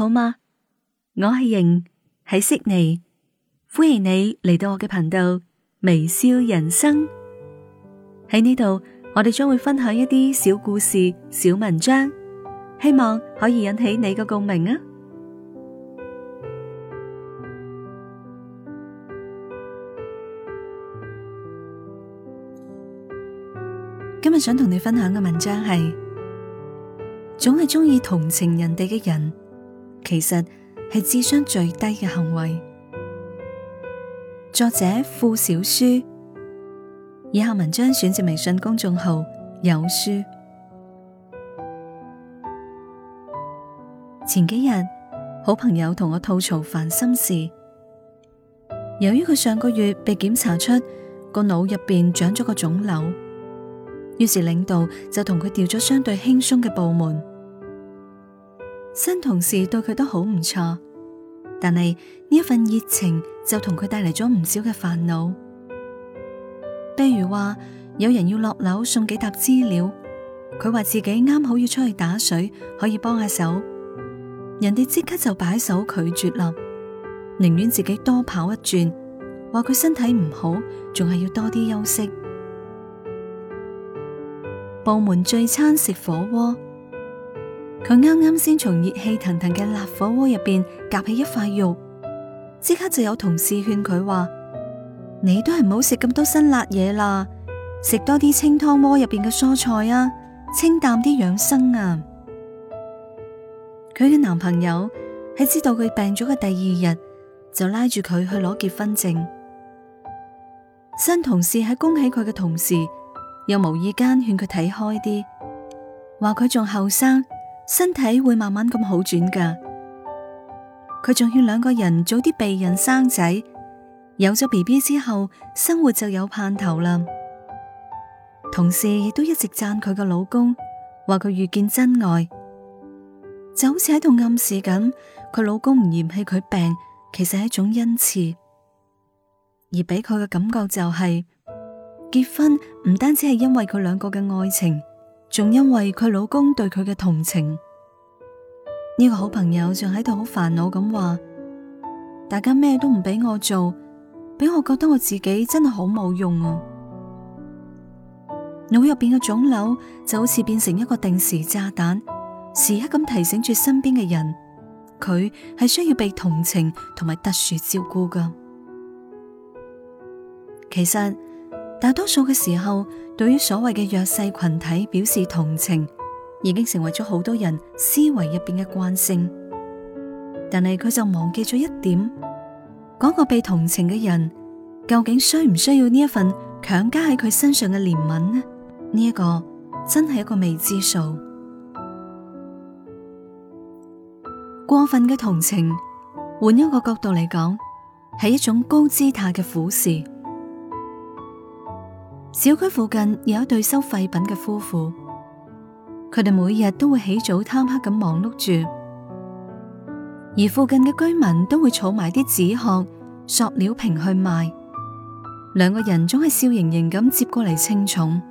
好嗎？我係瑩，喺悉尼，歡迎你嚟到我嘅頻道微笑人生。喺呢度，我哋將會分享一啲小故事、小文章，希望可以引起你嘅共鳴啊！今日想同你分享嘅文章係：總係中意同情人哋嘅人。其實係智商最低嘅行為。作者傅小舒，以下文章選自微信公眾號有書。前幾日，好朋友同我吐槽煩心事，由於佢上個月被檢查出個腦入邊長咗個腫瘤，於是領導就同佢調咗相對輕鬆嘅部門。新同事對佢都好唔錯，但係呢一份熱情就同佢帶嚟咗唔少嘅煩惱。譬如話有人要落樓送幾沓資料，佢話自己啱好要出去打水，可以幫下手，人哋即刻就擺手拒絕啦，寧願自己多跑一轉，話佢身體唔好，仲係要多啲休息。部門聚餐食火鍋。佢啱啱先從熱氣騰騰嘅辣火鍋入邊夾起一塊肉，即刻就有同事勸佢話：你都係唔好食咁多辛辣嘢啦，食多啲清湯鍋入邊嘅蔬菜啊，清淡啲養生啊。佢嘅男朋友喺知道佢病咗嘅第二日就拉住佢去攞結婚證。新同事喺恭喜佢嘅同時，又無意間勸佢睇開啲，話佢仲後生。身體會慢慢咁好轉噶，佢仲勸兩個人早啲避人生仔，有咗 B B 之後，生活就有盼頭啦。同事亦都一直讚佢個老公，話佢遇見真愛，就好似喺度暗示緊，佢老公唔嫌棄佢病，其實係一種恩賜，而俾佢嘅感覺就係、是、結婚唔單止係因為佢兩個嘅愛情。仲因為佢老公對佢嘅同情，呢個好朋友仲喺度好煩惱咁話：，大家咩都唔俾我做，俾我覺得我自己真係好冇用啊！腦入邊嘅腫瘤就好似變成一個定時炸彈，時刻咁提醒住身邊嘅人，佢係需要被同情同埋特殊照顧噶。其實。大多數嘅時候，對於所謂嘅弱勢群體表示同情，已經成為咗好多人思維入邊嘅慣性。但係佢就忘記咗一點：，嗰個被同情嘅人究竟需唔需要呢一份強加喺佢身上嘅憐憫呢？呢一個真係一個未知數。過分嘅同情，換一個角度嚟講，係一種高姿態嘅俯視。小區附近有一對收廢品嘅夫婦，佢哋每日都會起早貪黑咁忙碌住，而附近嘅居民都會儲埋啲紙殼、塑料瓶去賣。兩個人總係笑盈盈咁接過嚟稱重，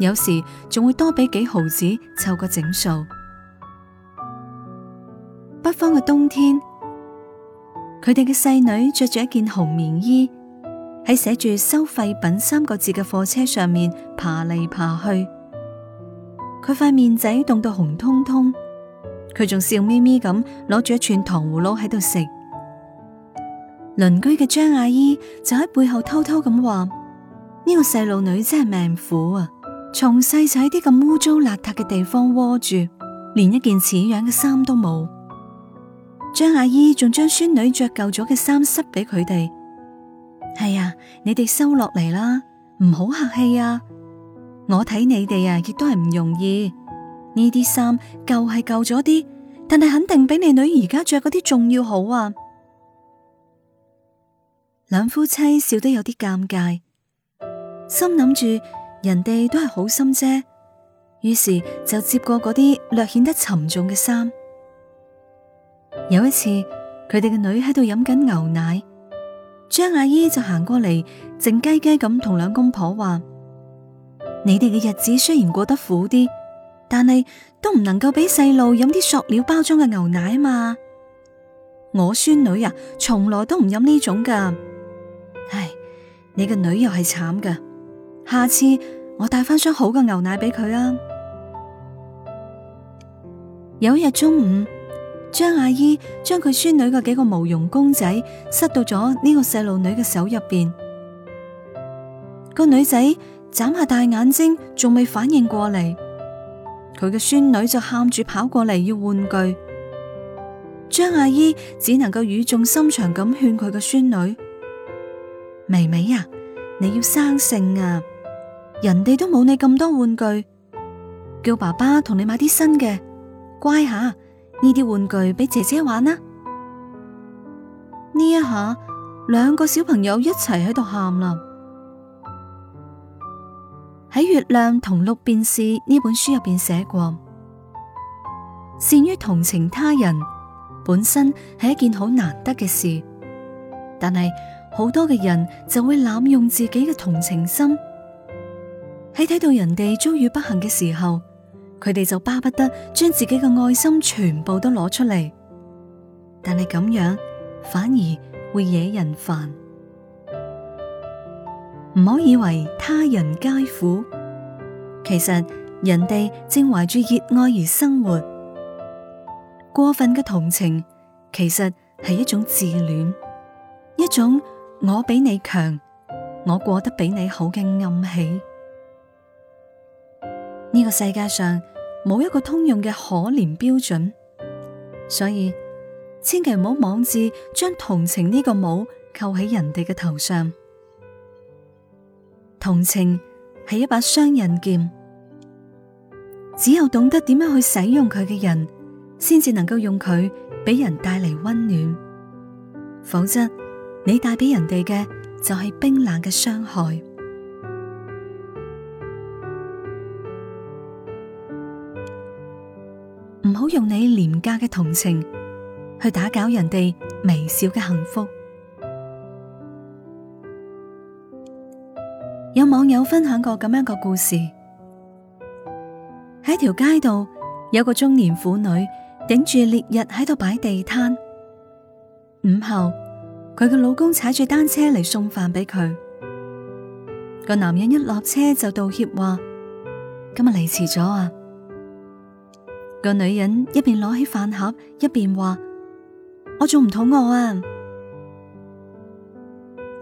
有時仲會多俾幾毫子湊個整數。北方嘅冬天，佢哋嘅細女着住一件紅棉衣。喺寫住收廢品三個字嘅貨車上面爬嚟爬去，佢塊面仔凍到紅通通，佢仲笑眯眯咁攞住一串糖葫蘆喺度食。鄰居嘅張阿姨就喺背後偷偷咁話：呢個細路女真係命苦啊！從細就喺啲咁污糟邋遢嘅地方窩住，連一件似樣嘅衫都冇。張阿姨仲將孫女着舊咗嘅衫塞俾佢哋。係啊，你哋收落嚟啦，唔好客氣啊！我睇你哋啊，亦都係唔容易。呢啲衫舊係舊咗啲，但係肯定比你女而家着嗰啲仲要好啊！兩夫妻笑得有啲尷尬，心諗住人哋都係好心啫，於是就接過嗰啲略顯得沉重嘅衫。有一次，佢哋嘅女喺度飲緊牛奶。張阿姨就行過嚟，靜雞雞咁同兩公婆話：你哋嘅日子雖然過得苦啲，但係都唔能夠俾細路飲啲塑料包裝嘅牛奶啊嘛！我孫女啊，從來都唔飲呢種噶。唉，你個女又係慘噶，下次我帶翻箱好嘅牛奶俾佢啊！有一日中午。張阿姨將佢孫女嘅幾個毛絨公仔塞到咗呢個細路女嘅手入邊，個女仔眨下大眼睛，仲未反應過嚟。佢嘅孫女就喊住跑過嚟要玩具，張阿姨只能夠語重心長咁勸佢嘅孫女：微微啊，你要生性啊，人哋都冇你咁多玩具，叫爸爸同你買啲新嘅，乖下啊。呢啲玩具俾姐姐玩啦！呢一下，兩個小朋友一齊喺度喊啦。喺《月亮同六便士》呢本書入邊寫過，善於同情他人本身係一件好難得嘅事，但係好多嘅人就會濫用自己嘅同情心，喺睇到人哋遭遇不幸嘅時候。佢哋就巴不得將自己嘅愛心全部都攞出嚟，但係咁樣反而會惹人煩。唔好以為他人皆苦，其實人哋正懷住熱愛而生活。過分嘅同情其實係一種自戀，一種我比你強，我過得比你好嘅暗喜。呢個世界上，冇一個通用嘅可憐標準，所以千祈唔好妄自將同情呢個帽扣喺人哋嘅頭上。同情係一把雙刃劍，只有懂得點樣去使用佢嘅人，先至能夠用佢俾人帶嚟溫暖；否則，你帶俾人哋嘅就係冰冷嘅傷害。唔好用你廉價嘅同情去打攪人哋微小嘅幸福。有網友分享過咁樣個故事：喺條街度有個中年婦女頂住烈日喺度擺地攤。午後，佢嘅老公踩住單車嚟，送飯俾佢。個男人一落車就道歉話：今日嚟遲咗啊！個女人一邊攞起飯盒，一邊話：我仲唔肚餓啊！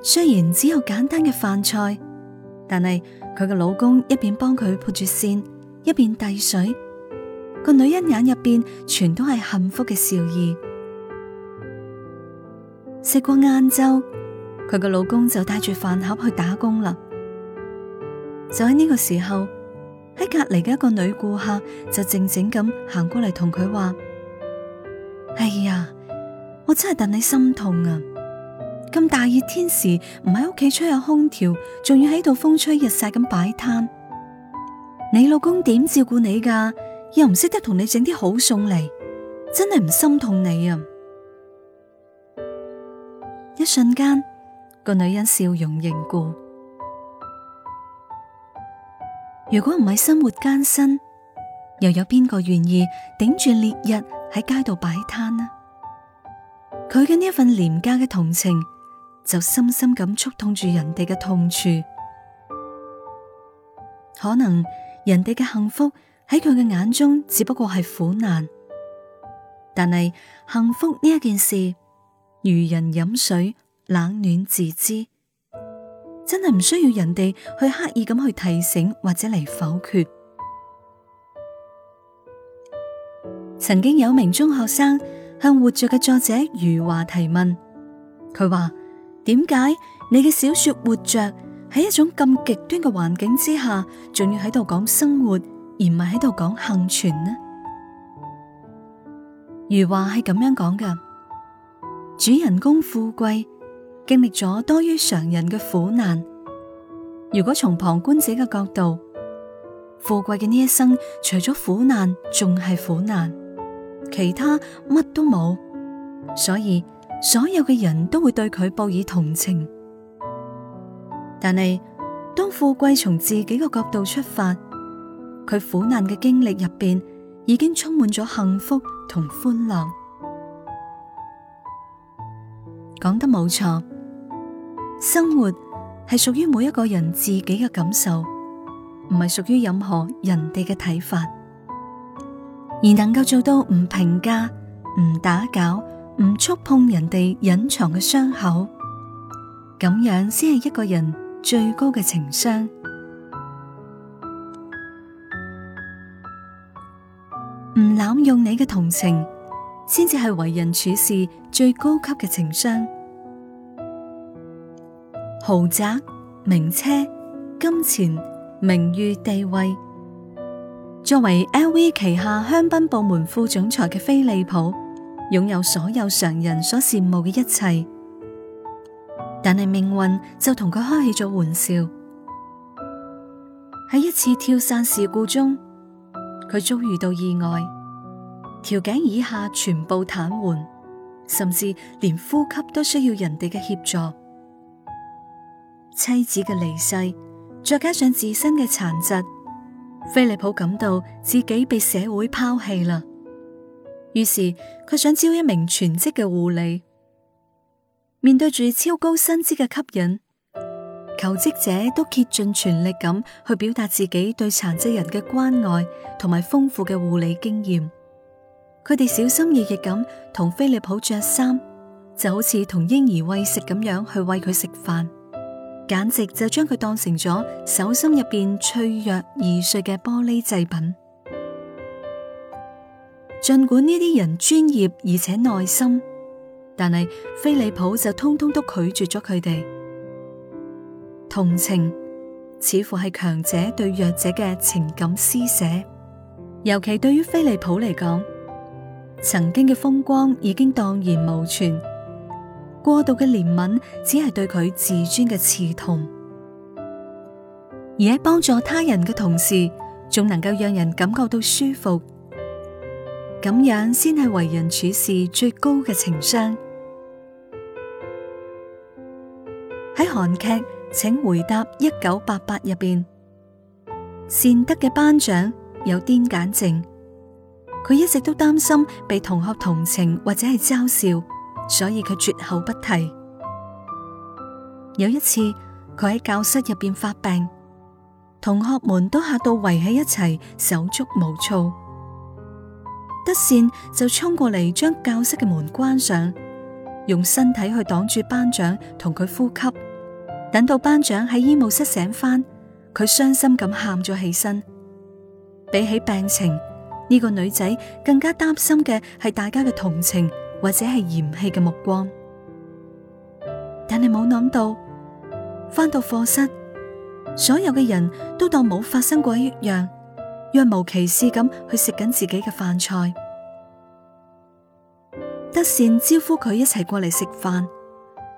雖然只有簡單嘅飯菜，但係佢嘅老公一邊幫佢撥住線，一邊遞水。個女人眼入邊全都係幸福嘅笑意。食過晏晝，佢嘅老公就帶住飯盒去打工啦。就喺呢個時候。喺隔籬嘅一個女顧客就靜靜咁行過嚟同佢話：「哎呀，我真係戥你心痛啊！咁大熱天時，唔喺屋企吹下空調，仲要喺度風吹日曬咁擺攤，你老公點照顧你㗎？又唔識得同你整啲好餸嚟，真係唔心痛你啊！一瞬間，個女人笑容凝固。如果唔係生活艱辛，又有邊個願意頂住烈日喺街度擺攤呢？佢嘅呢一份廉價嘅同情，就深深咁觸痛住人哋嘅痛處。可能人哋嘅幸福喺佢嘅眼中只不過係苦難，但係幸福呢一件事，如人飲水，冷暖自知。真係唔需要人哋去刻意咁去提醒或者嚟否決。曾經有名中學生向活着嘅作者余華提問，佢話：點解你嘅小說活着喺一種咁極端嘅環境之下，仲要喺度講生活，而唔係喺度講幸存呢？余華係咁樣講噶：主人公富貴。經歷咗多於常人嘅苦難，如果從旁觀者嘅角度，富貴嘅呢一生除咗苦難仲係苦難，其他乜都冇，所以所有嘅人都會對佢報以同情。但係當富貴從自己嘅角度出發，佢苦難嘅經歷入邊已經充滿咗幸福同歡樂。講得冇錯。生活係屬於每一個人自己嘅感受，唔係屬於任何人哋嘅睇法。而能夠做到唔評價、唔打攪、唔觸碰人哋隱藏嘅傷口，咁樣先係一個人最高嘅情商。唔濫用你嘅同情，先至係為人處事最高級嘅情商。豪宅、名車、金錢、名譽、地位。作為 LV 旗下香檳部門副總裁的菲利普，擁有所有常人所羨慕的一切。但是命運就同他開啟了玩笑。在一次跳傘事故中，他遭遇到意外。條頸以下全部癱瘓，甚至連呼吸都需要人哋嘅協助。妻子嘅離世，再加上自身嘅殘疾，菲利普感到自己被社會拋棄啦。於是佢想招一名全職嘅護理。面對住超高薪資嘅吸引，求職者都竭盡全力咁去表達自己對殘疾人嘅關愛同埋豐富嘅護理經驗。佢哋小心翼翼咁同菲利普着衫，就好似同嬰兒喂食咁樣去餵佢食飯。簡直就將佢當成咗手心入邊脆弱易碎嘅玻璃製品。盡管呢啲人專業而且耐心，但係菲利普就通通都拒絕咗佢哋。同情似乎係強者對弱者嘅情感施捨，尤其對於菲利普嚟講，曾經嘅風光已經蕩然無存。過度嘅憐憫只係對佢自尊嘅刺痛，而喺幫助他人嘅同時，仲能夠讓人感覺到舒服，咁樣先係為人處事最高嘅情商。喺 韓劇《請回答一九八八》入邊，善德嘅班長有癲癇症，佢一直都擔心被同學同情或者係嘲笑。所以佢絕口不提。有一次，佢喺教室入邊發病，同學們都吓到圍喺一齊，手足無措。德善就衝過嚟將教室嘅門關上，用身體去擋住班長，同佢呼吸。等到班長喺醫務室醒返，佢傷心咁喊咗起身。比起病情，呢個女仔更加擔心嘅係大家嘅同情。或者係嫌棄嘅目光，但係冇諗到翻到課室，所有嘅人都當冇發生過一樣，若無其事咁去食緊自己嘅飯菜。德善招呼佢一齊過嚟食飯，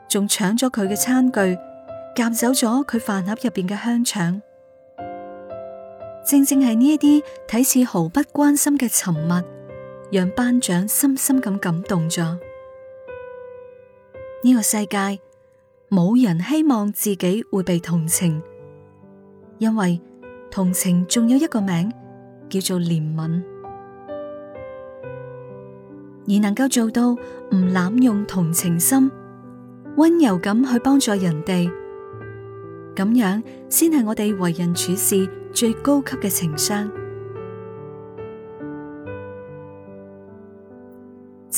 仲搶咗佢嘅餐具，夾走咗佢飯盒入邊嘅香腸。正正係呢一啲睇似毫不關心嘅沉默。讓班長深深咁感動咗。呢個世界，冇人希望自己會被同情，因為同情仲有一個名叫做憐憫。而能夠做到唔濫用同情心，温柔咁去幫助人哋，咁樣先係我哋為人處事最高級嘅情商。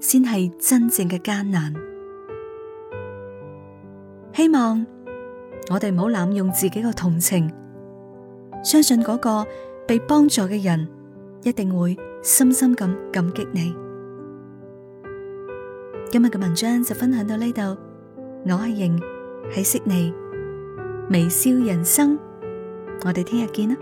先係真正嘅艱難。希望我哋唔好濫用自己嘅同情，相信嗰個被幫助嘅人一定會深深咁感激你。今日嘅文章就分享到呢度，我係瑩喺悉尼微笑人生，我哋聽日見啦。